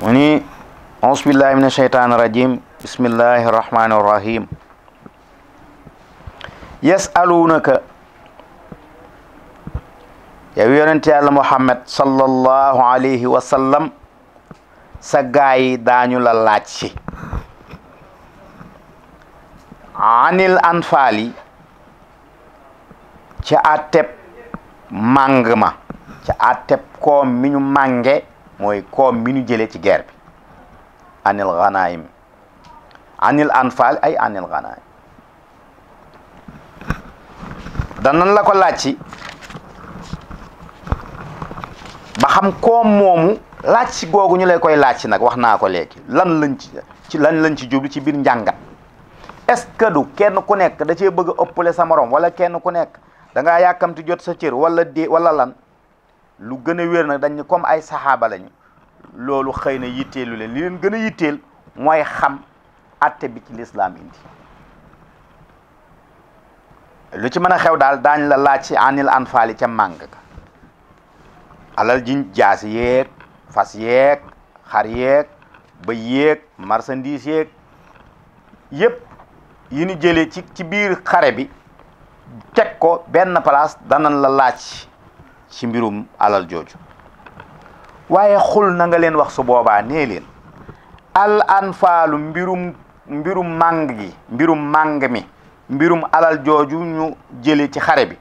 mu ni ausbillahi min asheytaan irajim bismillahi irrahmani irrahim yasaluunaka yow yonente yàlla muhammad sallallahu alayhi wa sallam sa gaayi daañu la laaj si anil anfaali ca àtteb màng ma ca àtteb koom mi ñu mànge mooy koom mi ñu jëlee ci guerre bi anil ghanaim anil anfal ay anil ghanaim danan la ko laaj ci ba xam koom moomu laaj ci googu ñu lay koy laaj ci nag wax naa ko léegi lan lañ ci lan lañ ci jublu ci biir njàngat est-ce que kenn ku nekk da cee bëgg a ëppale sa morom wala kenn ku nekk danga ngaa yàkkamti jot sa cër wala dee wala lan lu gëna wér nak dañ ni comme ay sahaba lañu lolu xeyna na yitteelu leen li leen gëna a moy xam atte bi ci l'islam indi lu ci mëna xew dal dañ la laaj anil anfal ci màng ka alal jin jaas yek fas yek xar yek ba yek marsandis yek yépp yini jëlé ci ci biir xare bi tek ko ben place danan la laaj ci mbirum alal jooju waaye xul nanga leen wax su boobaa nee leen al anfaalu mbirum mbirum gi mbirum màng mi mbirum alal jooju ñu jële ci xare bi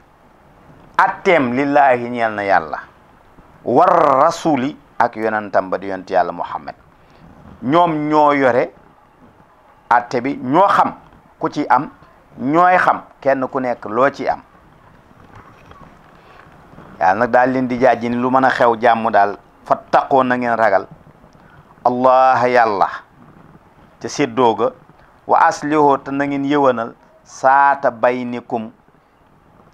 atteem lillaahi ñeel na yàlla war rasuli ak yonentam ba di yonent yàlla muhammad ñoom ñoo yore atte bi ñoo xam ku ci am ñooy xam kenn ku nekk loo ci am yàlla nag daal leen di jaaji ni lu mën a xew jàmm daal fa taqoo na ngeen ragal allah yàlla te séddoo ga wa aslihoo te na ngeen yëwanal saata baynikum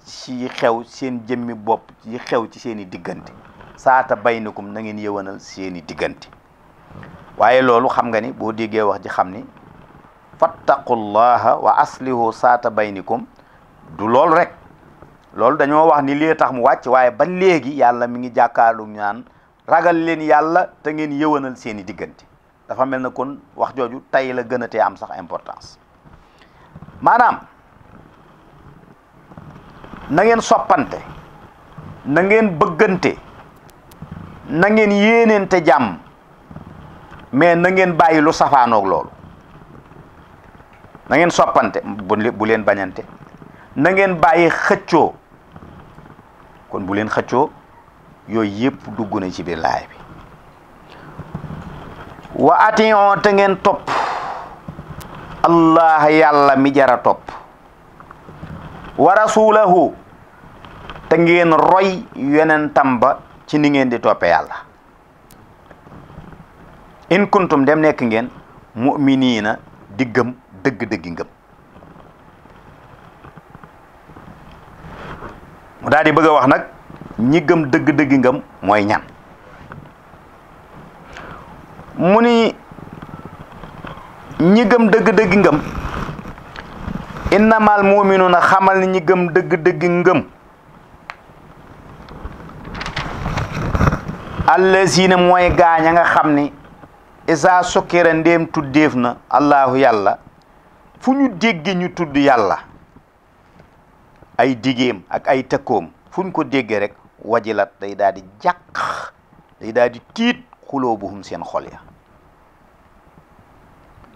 ci xew seen jëmmi bopp ci xew ci seeni diggante saata baynikum na ngeen yëwanal seen i diggante waaye loolu xam nga ni boo déggee wax ji xam ni fattaqullaha wa aslihu saata baynikum du lool rek lolou dañoo wax ni li tax mu wacc waaye ba léegi yàlla mi ngi jàkkaalum ñaan ragal leen yàlla te ngeen yëwanal seeni diggante dafa mel na kon wax jooju tey la gën a tee am sax importance maanaam na ngeen soppante na ngeen bëggante na ngeen yéeneente jàmm mais na ngeen bàyyi lu safaanoog loolu na ngeen soppante bu leen bañante na ngeen bàyyi xëccoo kon bu len xaccio yoy yep duggu na ci bir lay bi wa atiyo te ngeen top allah yalla mi jara top wa rasulahu te ngeen roy yonentam ba ci ni ngeen di yalla in kuntum dem nek ngeen mu'minina digam deug deug ngam mu daal bëgg a wax nag ñi gëm dëgg-dëgg ngëm mooy ñan mu ni ñi gëm dëgg-dëgg ngëm innamal muminuuna xamal ni ñi gëm dëgg-dëgg ngëm allazina mooy gaañ a nga xam ni isa sukkira ndéem tuddeef na allahu yàlla fu ñu dégge ñu tudd yàlla ay digéem ak ay tëkkoom fu ñu ko déggee rek wajilat day daal di jàq day daal tiit xuloo bu hum seen xol ya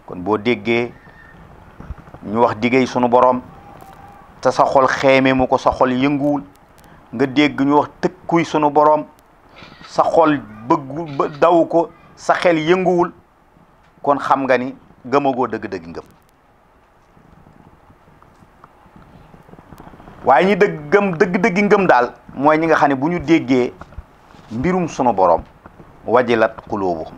kon boo déggee ñu wax diggéey sunu boroom te sa xol xeeme mu ko sa xol yënguwul nga dégg ñu wax tëkkuy sunu boroom sa xol bëggu daw ko sa xel yënguwul kon xam nga ni gëmagoo dëgg-dëgg ngëm waaye ñi dëgg gëm dëgg ngëm daal mooy ñi nga xam ne bu ñu déggee mbirum sunu boroom wajilat xuloobuhum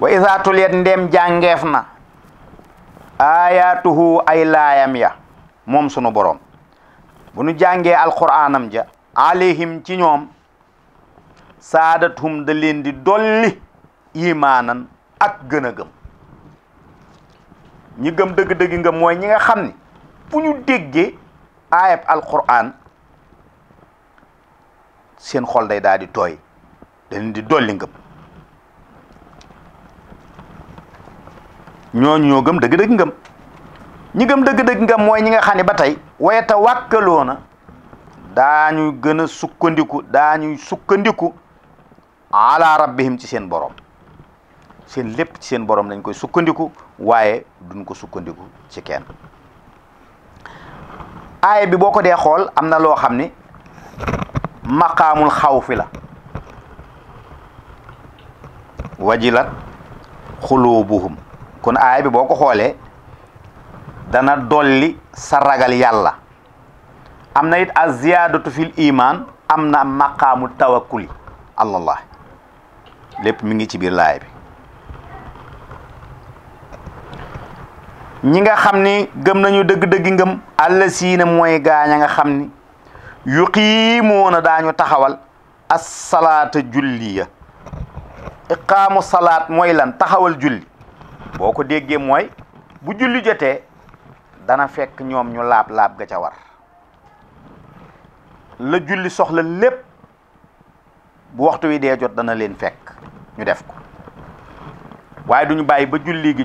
wa isaa tuliyat jàngeef na aayaatuhu ay laayam ya moom sunu boroom bu ñu jàngee alquraanam ja alayhim ci ñoom saadathum da leen di dolli imaanan ak gën gëm ñi gëm dëgg-dëggi ngëm mooy ñi nga xam ni fu ñu déggee aayab alquran seen xol day daal di tooy dañ di dolli ngëm ñooñu ñoo gëm dëgg-dëgg ngëm ñi gëm dëgg-dëgg ngëm mooy ñi nga xam ne ba tey waaye te wàkkaloona daañu gën a sukkandiku daañuy sukkandiku ala rabbihim ci seen borom seen lépp ci seen borom lañ koy sukkandiku waaye duñ ko sukkandiku ci kenn aaya bi boo ko dee xool am na loo xam ni maqaamul xawfi la wajilat xuluubuhum kon aaya bi boo ko xoolee dana dolli sa ragal yàlla am na it aziyaadatu fil iman am na maqaamu tawakkuli allah lépp mi ngi ci biir laay bi ñi nga xam ni gëm nañu dëgg-dëgg ngëm àlla mooy gaañ a nga xam ni yuqiimuuna daañu taxawal assalaata julli ya iqaamu salaat mooy lan taxawal julli boo ko déggee mooy bu julli jotee dana fekk ñoom ñu laab laab ga ca war la julli soxla lépp bu waxtu wi dee jot dana leen fekk ñu def ko waaye duñu bàyyi ba julli gi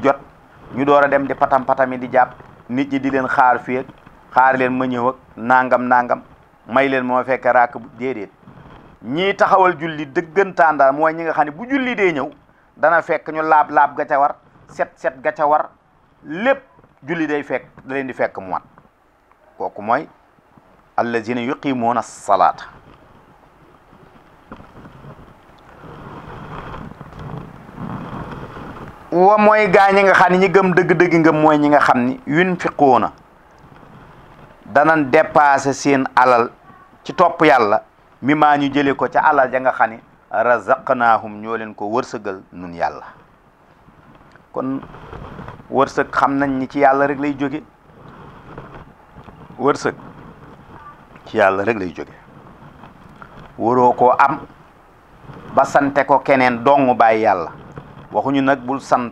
ñu door a dem di patam patami di jàpp nit ñi di leen xaar fii xaar leen ma ñëw nangam nangam may leen moo fekk raak bu déedéet ñii taxawal julli dëggantaan daal mooy ñi nga xam ne bu julli dee ñëw dana fekk ñu laab laab ga ca war set set ga ca war lépp julli day fekk da leen di fekk mu mat kooku mooy allazina yuqimuuna salaat wa mooy gaa ñi nga xam ne ñi gëm dëgg-dëgg nga mooy ñi nga xam ni yunfiquuna dana dépassé seen alal ci topp yàlla mi ma ñu jële ko ca alal ja nga xam ni razaqnaahum ñoo leen ko wërsëgal nun yàlla kon wërsëg xam nañ ni ci yàlla rek lay jóge wërsëg ci yàlla rek lay jóge waroo ko am ba sante ko keneen dong bàyyi yàlla waxuñu nag bul sant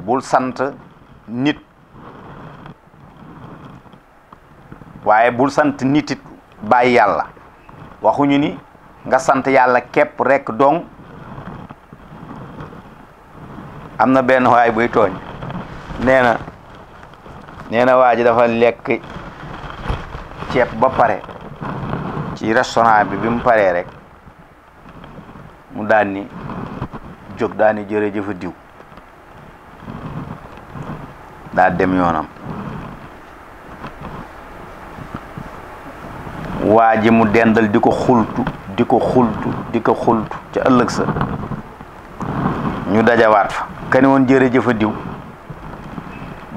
bul sant nit waaye bul sant nitit it yàlla waxuñu ni nga sant yàlla képp rekk dong am na benn waay buy tooñ nee na nee waa ji dafa lekk ceeb ba pare ci restaurant bi bi mu paree rekk mu daan ni jóg daa ni diw daa dem yoonam waa ji mu dendal di ko xultu di ko xultu di ko xultu ca ëllëg sa ñu dajawaat fa kani woon jërëjëfa diw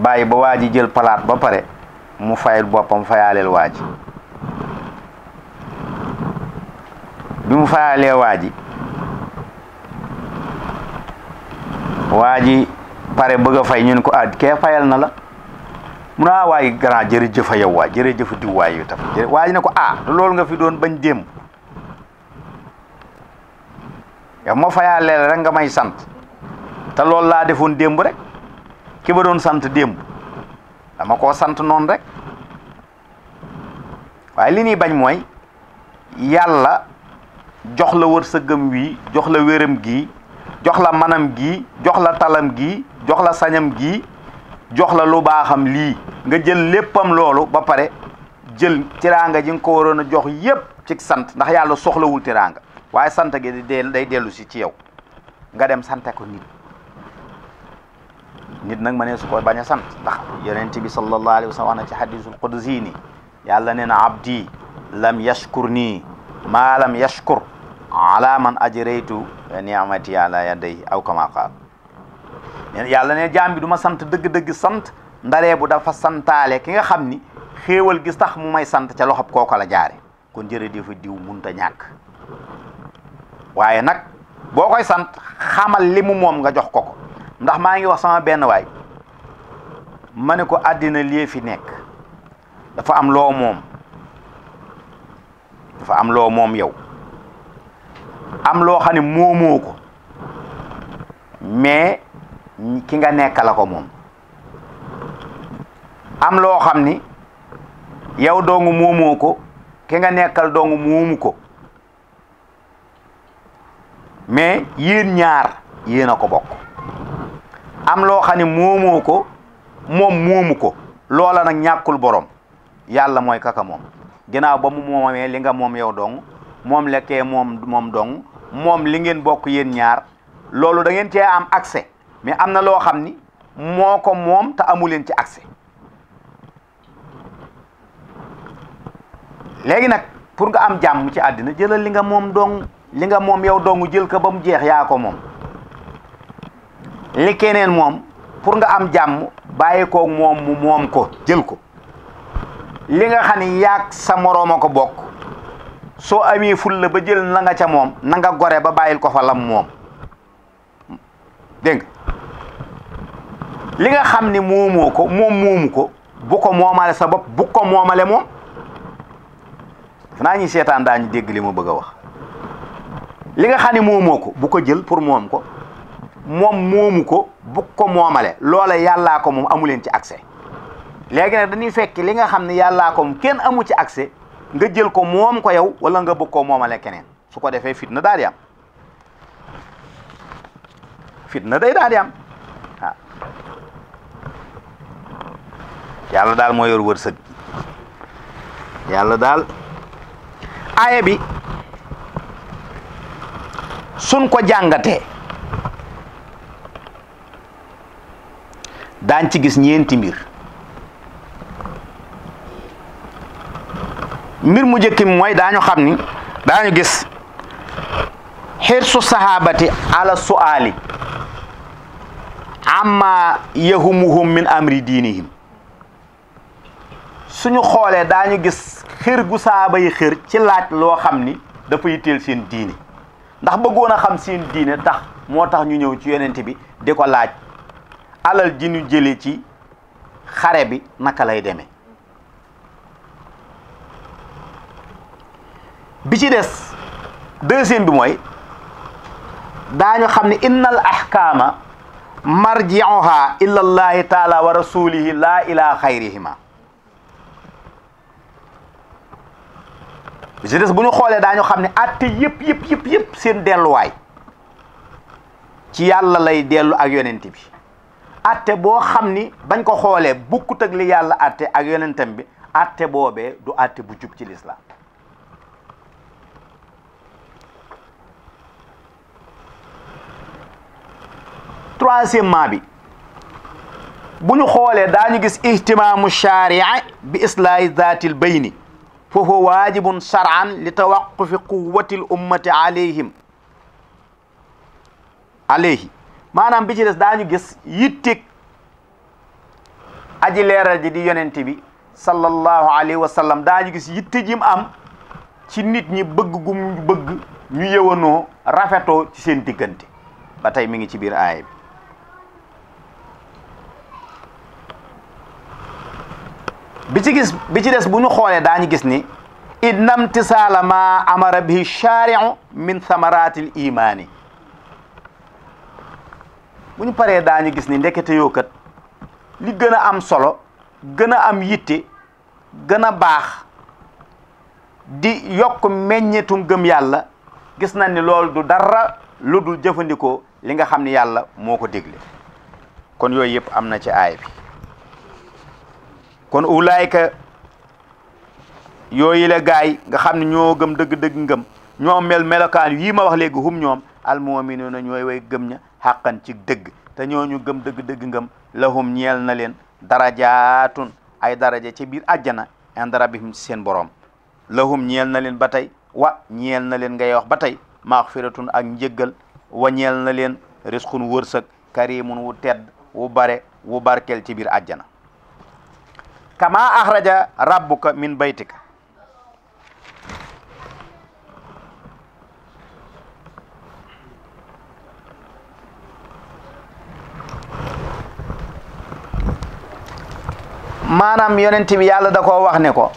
bàyyi ba waa ji jël palaat ba pare mu fayal boppam fayaaleel waa ji bi mu fayaalee waa ji waa ji pare bëgg a fay ñu ne ko ah kee fayal na la mun a ah, waay grand jërëjëf a yow waay jërëjëf diw waay yu tam waa ji ne ko ah loolu nga fi doon bañ démb yow ma fayaa leel rek nga may sant te loolu laa defoon démb rek ki ba doon sant démb dama koo sant noon rek waaye li ñuy bañ mooy yàlla jox la wërsëgam wi jox la wéram gii jox la manam gi jox la talam gi jox la sañam gi jox la lu baaxam lii nga jël léppam loolu ba pare jël tiraanga ji nga ko waroon a jox yépp ci sant ndax yàlla soxlawul tiraanga waaye sant gi day dellu ci yow nga dem sante ko nit nit nag ma ne su ko bañ a sant ndax yonent bi sallallahu alayhi wa sallam wax na ci hadisul qudsi ni yàlla nee na abdi lam yashkur nii maa lam yashkur ala man ajraytu ni'mati ala yaday aw kama yàlla ne jaam duma sant dëgg-dëgg sant ndaree bu dafa santaale ki nga xam ni xéewal gis tax mu may sant ca loxob kooku la jaare kon jërëjëf diw munta ñàkk waaye nag boo koy sant xamal li mu moom nga jox ko ko ndax maa ngi wax sama benn waay ma ne ko àddina lii fi nekk dafa am loo moom dafa am loo moom yow am loo xam ne moomoo ko mais ki nga nekk la ko moom am loo xam ni yow dong moomoo ko ki nga nekkal dong moomu ko mais yéen ñaar yéen a ko bokk am loo xam ne moomoo ko moom moomu ko loola nag ñàkkul boroom yàlla mooy kaka moom ginaaw ba mu moomee li nga moom yow dong moom lekkee moom moom dong moom li ngeen bokk yéen ñaar loolu da ngeen cee am accès mais am na loo xam ni moo ko moom te amu leen ci accès léegi nag pour nga am jàmm ci àddina jëlal li nga moom dong li nga moom yow dong jël ko ba mu jeex yaa ko moom li keneen moom pour nga am jàmm bàyyi koog moom moom ko jël ko li nga xam ni yaag sa moroom a ko bokk soo amee ful la ba jël la nga ca moom nanga gore ba bàyyil ko fa lam moom dégg li nga xam ni moomoo ko moom moomu ko bu ko moomale sa bopp bu ko moomale moom naa ñi seetaan daañu dégg li ma bëgg a wax li nga xam ne moomoo ko bu ko jël pour moom ko moom moomu ko bu ko moomale loola yàllaa ko moom amu leen ci accès léegi nag dañuy fekk li nga xam ne yàllaa ko moom kenn amu ci accès nga jël ko moom ko yow wala nga bëgg koo moomale keneen su ko defee fitna daal di am fitna day daal yàlla daal moo yor wërsëg yàlla daal aaya bi suñ ko jàngate daañ ci gis ñeenti mbir mbir mu njëkk mi mooy daañu xam ni daañu gis xirsu sahabati ala su'ali amma yahumuhum min amri diinihim suñu xoolee daañu gis xër gu saaba yi xër ci laaj loo xam ni dafa yitteel seen diine ndax bëggoon a xam seen diine tax moo tax ñu ñëw ci yonent bi di ko laaj alal ji ñu jëlee ci xare bi naka lay demee bi ci des deuxième bi mooy daañu xam ne innal ahkaama marji'uha illa allahi taala wa la laa ilaa xayrihima des bu ñu xoolee daañu xam ne atte yëpp yëpp yëpp yëpp seen delluwaay ci yàlla lay dellu ak yonent bi atte boo xam ni bañ ko xoole bukkut ak li yàlla atte ak yonentam bi atte boobe du atte bu jub ci lislaam troisièmement bi bu ñu xoolee daañu gis ihtimaamu shaaria bi islaahi zaatil bayni fa huwa waajibun shar'an li tawaqufi quwwatil ummati alayhim alayhi maanaam bi ci des daañu gis yittik aji leeral ji di yonent bi sallallahu alayhi wa sallam daañu gis yitte jim am ci nit ñi bëgg gum bëgg ñu yëwanoo rafetoo ci seen diggante ba tey mi ngi ci biir aaya bi bi ci gis bi ci des bu ñu xoolee daañu gis ni idnam tisaala ma amara bihi shari'u min thamaratil imaani bu ñu paree daañu gis ni ndekete yoo kat li gën a am solo gën a am yitte gën a baax di yokk meññetu gëm yàlla gis na ni lool du dara lu dul jëfandikoo li nga xam ni yàlla moo ko dégle kon yooyu yëpp am na ci aay bi kon ulaayka yooyu la gaay nga xam ne ñoo gëm dëgg-dëgg ngëm ñoom mel melokaan yii ma wax léegi hum ñoom almuminuuna ñooy way gëm ña xàqan ci dëgg te ñooñu gëm dëgg-dëgg ngëm lahum ñeel na leen darajaatun ay daraja ci biir àjjana inda rabbihim ci seen boroom lahum ñeel na leen ba tey wa ñeel na leen ngay wax ba tey maxfiratun ak njëggal wa ñeel na leen risqun wërsëg karimun wu tedd wu bare wu barkel ci biir àjjana kama axraja rabbuka min baytika maanaam yonent bi yàlla da koo wax ne ko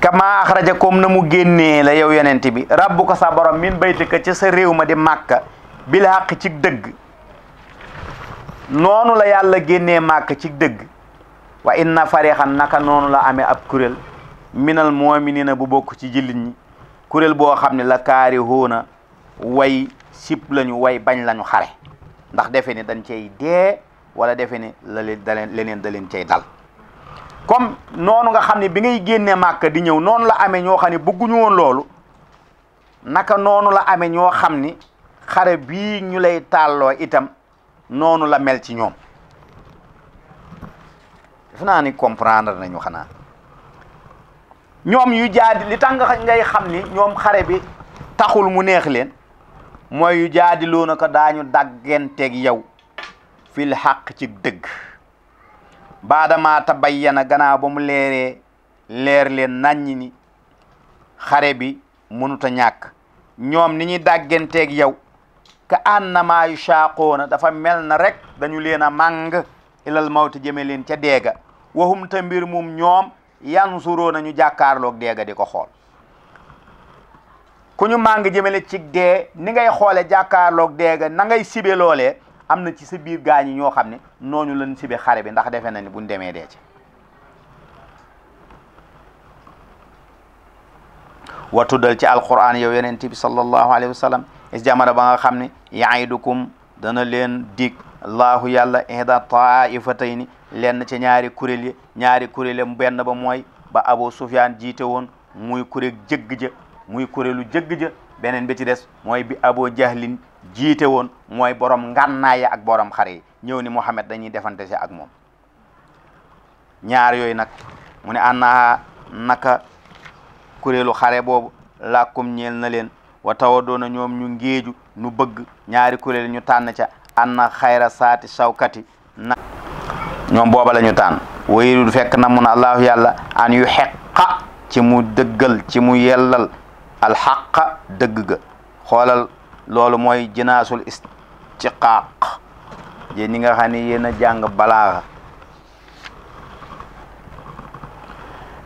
kama axraja kom na mu génnee la yow yonent bi rabbuka sa borom min baytika ci sa réew ma di màkka bil haq ci dëgg noonu la yàlla génnee màkk ci dëgg wa inna farixan naka noonu la amee ab kuréel minal na bu bokk ci jullit ñi kuréel boo xam ne la kaari hóona way sip lañu way bañ lañu xare ndax defe ni dañ cey dee wala defe ni la leen da leen leneen da leen cey dal comme noonu nga xam ne bi ngay génnee màkk di ñëw noonu la amee ñoo xam ne bëgguñu woon loolu naka noonu la amee ñoo xam ni xare bii ñu lay tàlloo itam noonu la mel ci ñoom def naa ni comprendre nañu xanaa ñoom yu jaadi li tax nga ngay xam ni ñoom xare bi taxul mu neex leen mooy yu jaadi loona ko daañu daggenteeg yow fil xaq ci dëgg baadamaa tabayyana gannaaw ba mu leeree leer leen naññ ni xare bi mënut a ñàkk ñoom ni ñuy dàggenteeg yow ka annama yu shaqoona dafa mel na rek dañu leen a màng ilal mawti jëme leen ca deega waxum ta mbir mum ñoom yansuroo nañu jàkkaarloog deega di ko xool ku ñu màng jëmele ci dee ni ngay xoole jàkkaarloog deega nangay sibe loole am na ci sa biir gaañi ñoo xam ne nooñu lan sibe xare bi ndax defe na ni buñ demee dee ci wa tuddal ci alquran yow yonent bi sallallahu alayhi wa sallam is jamono ba nga xam ne yaidukum dana leen dig allahu yàlla ihda taifatayni lenn ci ñaari kuréel yi ñaari kuréel yi benn ba mooy ba Abu Sufyaan jiite woon muy kuréel jëgg ja muy kuréelu jëgg beneen bi ci des mooy bi Abu Jahlin jiite woon mooy borom ngànnaay ak borom xare yi ñëw ni Muhammad dañuy defante si ak moom ñaar yooyu nag mu ne naka kuréelu xare boobu làkkum ñeel na leen wa tawa doona ñoom ñu ngeeju nu bëgg ñaari kuréel ñu tànn ca anna xayra saati sawkati na ñoom booba la ñu tànn wayirul fekk na mun allahu yàlla an yu xeqa ci mu dëggal ci mu yellal alxaqa dëgg ga xoolal mooy jinaasul istiqaaq yéen ñi nga xam ne yéen a jàng balaaxa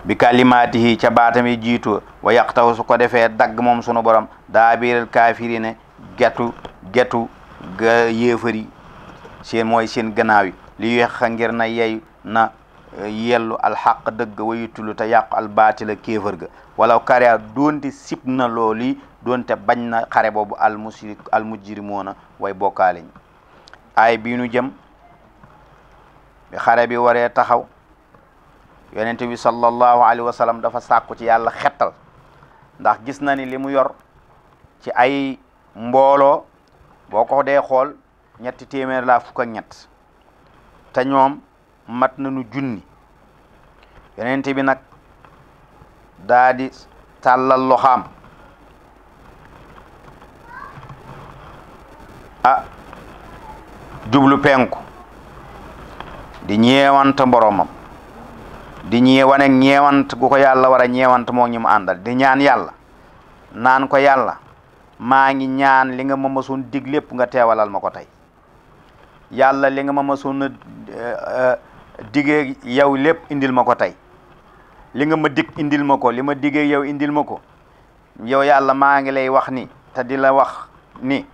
bi kalimaatihi ca baatam yi jiitu wa yaqtahu su ko defee dagg moom sunu borom daabiral kaafirine getu getu ga seen mooy seen gannaaw yi li yexa ngir na yey na eh, yellu alxaq dëgg wayutulu te yàqu albaatila kéefër ga wala karea a sib na looli doonte bañ na xare boobu almusrik almujrimoona way bokkaaleñ ay bii nu jëm xare bi waree taxaw yonent bi sallallahu Ali wa sallam dafa sakku ci yalla xettal ndax gis na ni limu yor ci ay mbolo boko de xol ñetti la fuk ak ñett ta ñom mat nañu junni yonent bi nak dadi talal a loxaam ah penku di ñeewante boromam di ñi wane ñeewant gu ko yàlla war a ñeewant moo ñu mu àndal di ñaan yàlla naan ko yàlla maa ngi ñaan li nga ma mësoon dig lépp nga teewalal ma ko tey yàlla li nga ma mësoon eh, eh, digee yow lépp indil ma ko tey li nga ma dig indil ma ko li ma digee yow indil ma ko yow yàlla maa ngi lay wax ni te di la wax ni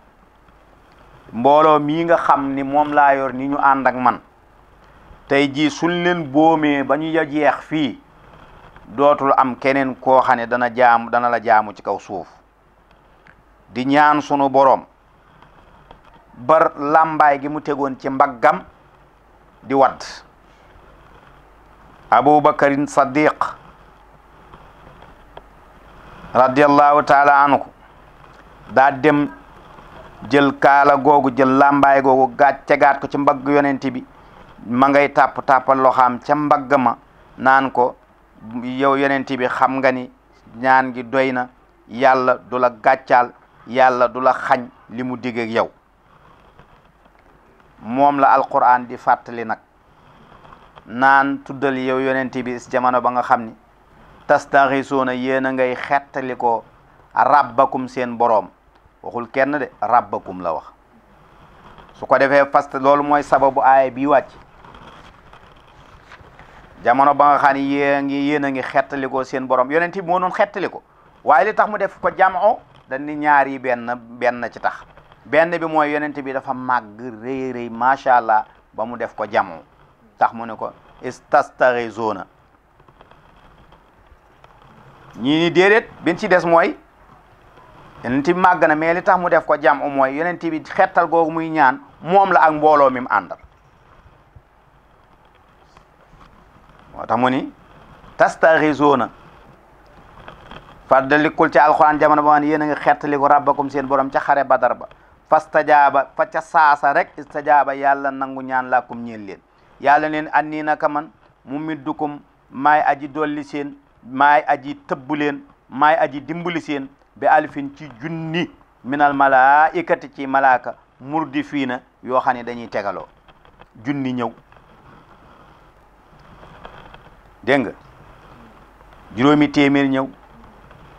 mbooloo mii nga xam ni moom laa yor ni ñu ànd ak man tey jii suñ leen boomee ba ñu ya jeex fii dootul am keneen koo xam ne dana jaam dana la jaamu ci kaw suuf di ñaan sunu boroom bar làmbaay gi mu tegoon ci mbaggam di wadd abubakarin saddiq radiallahu taala anhu daa dem jël kaala googu jël làmbaay googu gàccegaat ko ci mbagg yonent bi ma ngay tàpp tàppal loxaam ca mbagg ma naan ko yow yonent bi xam nga ni ñaan gi doy na yàlla du la gàccaal yàlla du la xañ li mu digee ak yow moom la alquran di fàttali nag naan tuddal yow yonent bi jamono ba nga xam ni tastaxisuuna yéen a ngay xettali ko rabbakum seen boroom waxul kenn de rabbakum la wax su ko defee fast loolu mooy sababu aaya bi wàcc jamono ba nga xam ne yée ngi yéen a ngi xettalikoo seen borom yonent bi moo noon ko waaye li tax mu def ko jamoo dañ ni ñaar yi benn benn ci tax benn bi mooy yonent bi dafa màgg rëy rëy macha allah ba mu def ko jamoo tax mu ne ko istastaghizuna ñii ni déedéet bin ci des mooy yonent bi màgg na mais li tax mu def ko jam u mooy yonent bi xettal googu muy ñaan moom la ak mbooloo mi mu àndal moo tax mu ni tastaxisoona fàttalikul ci alxuraan jamono ba man yéen a ngi xettali ko rabbakum seen borom ca xare badar ba fastajaaba fa ca saasa rek istajaaba yàlla nangu ñaan laakum ñeel leen yàlla neen an nii man mu middukum maay aji dolli seen maay aji tëbbu leen maay aji dimbali seen bi alfin ci junni minal malaikati ci malaaka murdi fii na yoo xam ne dañuy tegaloo junni ñëw dégg nga juróomi téeméer ñëw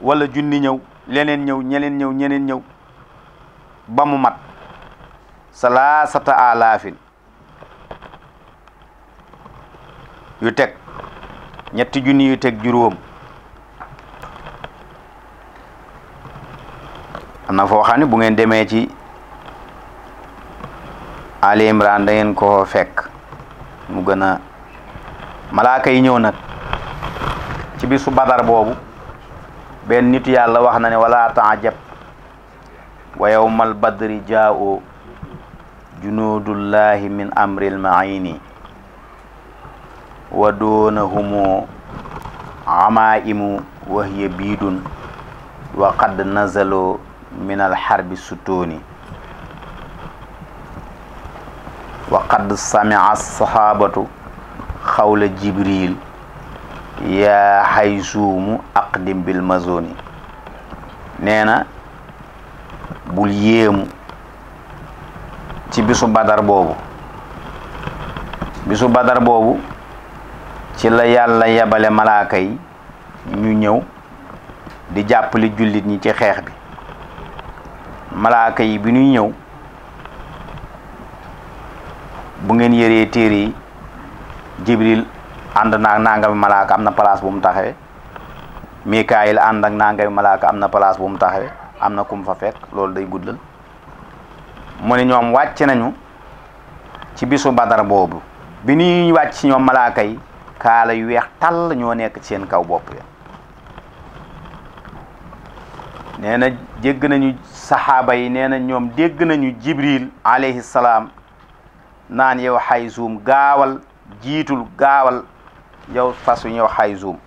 wala junni ñëw leneen ñëw ñeneen ñëw ñeneen ñëw ba mu mat salaasata alaafin yu teg ñetti junni yu teg juróom am na foo bu ngeen demee ci Ali Imran da ngeen ko fekk mu gën malaaka yi ñëw nag ci bisu badar boobu benn nitu yàlla wax na ne wala taajab wa yowmal badri jaa'u junuudullahi min amril maini wa doonahumu amaimu wa hiya biidun wa qad nazalu min alxarbi sutooni wa qad sami'a alsahabatu xawla jibril yaa xay suumu aqdim bil mazoni nee na bul yéemu ci bisu badar boobu bisu badar boobu ci la yàlla yebale malaaka yi ñu ñëw di jàppale jullit ñi ci xeex bi malaaka yi bi ñuy ñëw bu ngeen yëree téere yi jibril ànd naa nangami malaaka am na place bu mu taxawee mikaayil ànd ak nangami malaaka am na place bu mu taxawee am na kum fa fekk loolu day guddal mu ne ñoom wàcc nañu ci bisu badar boobu bi ñuy wàcc ci ñoom malaaka yi kaala yu weex tàll ñoo nekk ci seen kaw bopp ya nee na dégg nañu saxaaba yi nee na ñoom dégg nañu jibril alayhi salaam naan yow xay suum gaawal jiitul gaawal yow fas yu ñëw xay zoom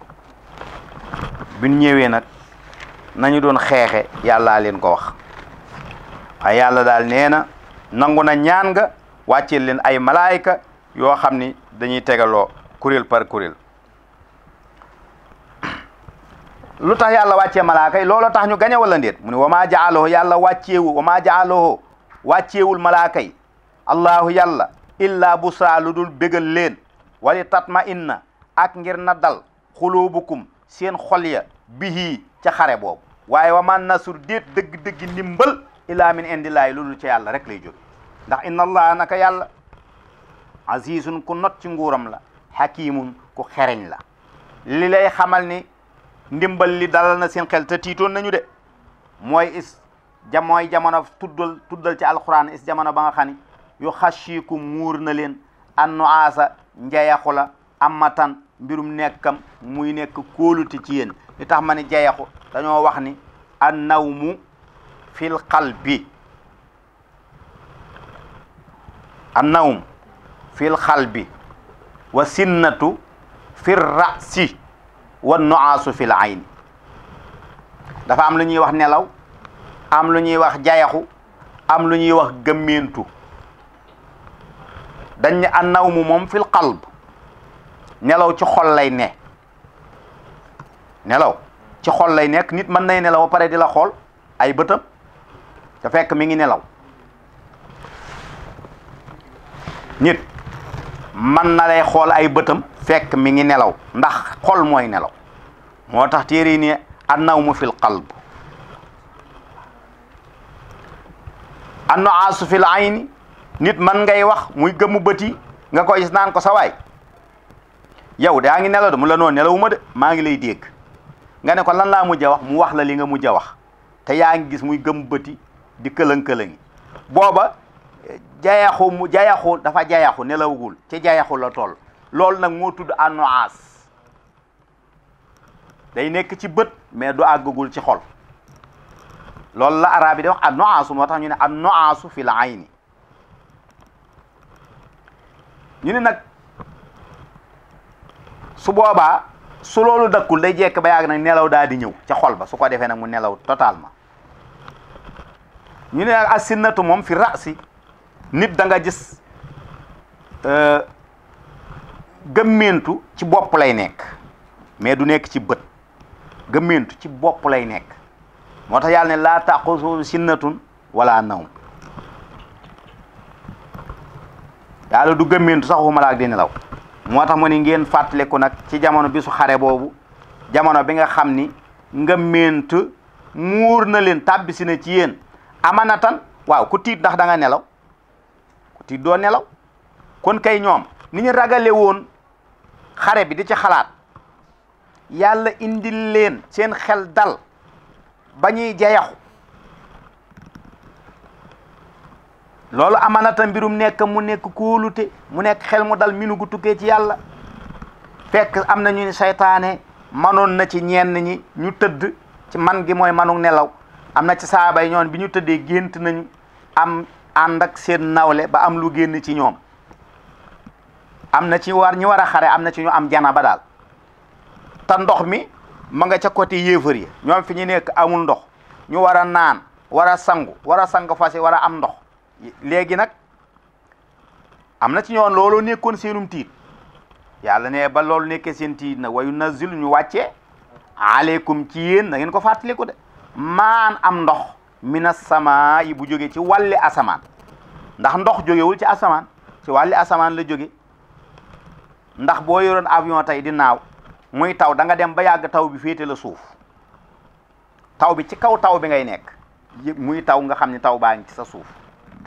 bi ñu ñëwee nag nañu doon xeexe yàllaa leen ko wax waaye yàlla daal nee na nangu na ñaan nga wàcceel leen ay malaayka yoo xam ni dañuy tegaloo kuréel par kuréel lu tax yàlla wàccee malaaka yi looloo tax ñu gañe wala ndéet mu ne wamaa jaaloo yàlla wàcceewu wamaa jaaloo wàcceewul yi allahu yàlla illaa bu lu dul bégal leen wali tatma inna ak ngir na dal xuluubukum seen xol ya bihii ca xare boobu waaye wa man nasur déet dëgg-dëgg ndimbal ilaa min indilaay lu dul ca yàlla rek lay jóge ndax inna allaha naka yàlla azizun ku not ci nguuram la hakimun ku xereñ la li lay xamal ni ndimbal li dalal na seen xel te tiitoon nañu de mooy is ja mooy jamono tuddal tuddal ci alquran is jamono ba nga ni yu xashikum muur na leen annu aasa njayaxu la amatan mbirum nekkam muy nekk kóolute ci yéen li tax ma ne jayaxu dañoo wax ni an nawmu fil qalbi an nawm fil qalbi wa sinnatu fir ra'si wa nu'aasu fil ayni dafa am lu ñuy wax nelaw am lu ñuy wax jayaxu am lu ñuy wax gëmmeentu dañ ne annaw mu moom fil qalb nelaw ci xol lay ne nelaw ci xol lay nekk nit mën nay nelaw ba pare di la xool ay bëtam te fekk mi ngi nelaw nit mën na lay xool ay bëtam fekk mi ngi nelaw ndax xol mooy nelaw moo tax téere yi ne annawmu fil qalb annuaasu fil ayni nit man ngay wax muy gëmmu bëti nga ko koy naan ko sa waay yow daa ngi nelaw de mu la noonu nelawuma de maa ngi lay dégg nga ne ko lan laa mujj a wax mu wax la li nga mujj a wax te yaa ngi gis muy gëm bëti di këlëng-këlëngi booba jayaxu mu jayaxu dafa jayaxu nelawugul ci jayaxu la tool loolu nag moo tudd annoas day nekk ci bët mais du àggagul ci xol loolu la arab yi di wax annoasu moo tax ñu ne annoasu fi la ayni ñu ni nag su boobaa su loolu dakkul day jekk ba yàgg nag nelaw daal di ñëw ca xol ba su ko defee nag mu nelaw totalement ñu ne nag assinnatu moom fi rasi nit danga nga gis euh, gëmmeentu ci bopp lay nekk mais du nekk ci bët gëmmeentu ci bopp lay nekk moo tax yàlla ne laa taxusu sinnatun wala nawm yàlla du gëmmeentu sax waxuma la ak di nelaw moo tax ma ni ngeen fàttaliku nag ci jamono bi su xare boobu jamono bi nga xam ni ngëmmeent muur na leen tàbbisi na ci yéen amanatan waaw ku tiit ndax danga nelaw ku tiit doo nelaw kon kay ñoom ni ñu ragale woon xare bi di ci xalaat yàlla indi leen seen xel dal ba ñuy jayaxu loolu amanata mbirum nekk mu nekk kóolute mu nekk xel mu dal minu gu tukkee ci yàlla fekk am na ñu ne saytaane manoon na ci ñenn ñi ñu tëdd ci man gi mooy manu nelaw am na ci saaba yi bi ñu tëddee gént nañu am ànd ak seen nawle ba am lu génn ci ñoom am na ci war ñi war a xare am na ci ñu am jana ba daal te ndox mi ma nga ca côté yéefar yi ñoom fi ñu nekk amul ndox ñu war a naan war a sangu war a sang fas war a am ndox léegi nag am na ci ñoon loolu nekkoon seenum tiit yàlla ne ba loolu nekkee seen tiit nag wayu nazil ñu wàccee aleykum ci yéen na ngeen ko fàttaliku de maan am ndox na sama yi bu jóge ci wàlli asamaan ndax ndox jógewul ci asamaan ci wàlli asamaan la jóge ndax boo yoroon avion tey di naaw muy taw danga dem ba yàgg taw bi féete la suuf taw bi ci kaw taw bi ngay nekk muy taw nga xam ne taw baa ngi ci sa suuf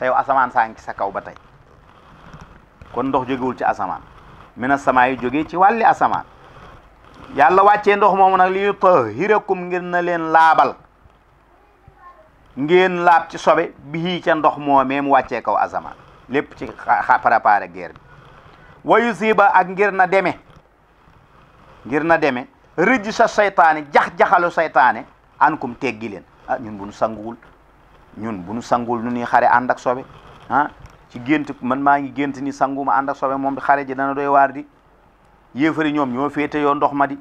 te asamaan saa ngi sa kaw ba tey kon ndox jógewul ci asamaan mina samaa yi jóge ci wàlli asamaan yàlla wàccee ndox moomu nag li tahirakum ngir na leen laabal ngeen laab ci sobe bi ca ndox moomee mu wàccee kaw asamaan lépp ci préparé guerre bi wayu siiba ak ngir na deme ngir na deme rëj sa seytaane jax-jaxalu seytaane an kum teggi leen ah ñun buñ sanguwul ñun bu ñu sangul nu ñuy xare ànd ak sobe ah ci gént man maa ngi gént ni sanguma ànd ak sobe moom xare ji dana doy waar di yéefari ñoom ñoo féete yoo ndox ma di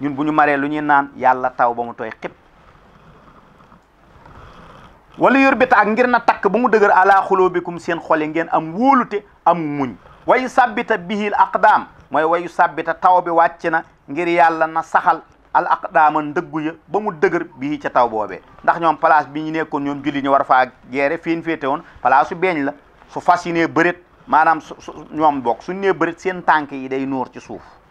ñun bu ñu maree lu ñu naan yàlla taw ba mu tooy xib wala yor bita ak ngir na takk ba mu dëgër ala xuloobikum seen xole ngeen am wóolute am muñ wayu sabbita bihil aqdaam mooy wayu sabbita taw bi wàcc na ngir yàlla na saxal al aqdaama ndëggu ya ba mu dëgër bii ca taw boobe ndax ñoom place bi ñu nekkoon ñoom julli ñu war faa geere fiin féete woon place su beeñ la su fas yi nee bëreet maanaam su ñoom bokk su nee bëreet seen tànk yi day nuur ci suuf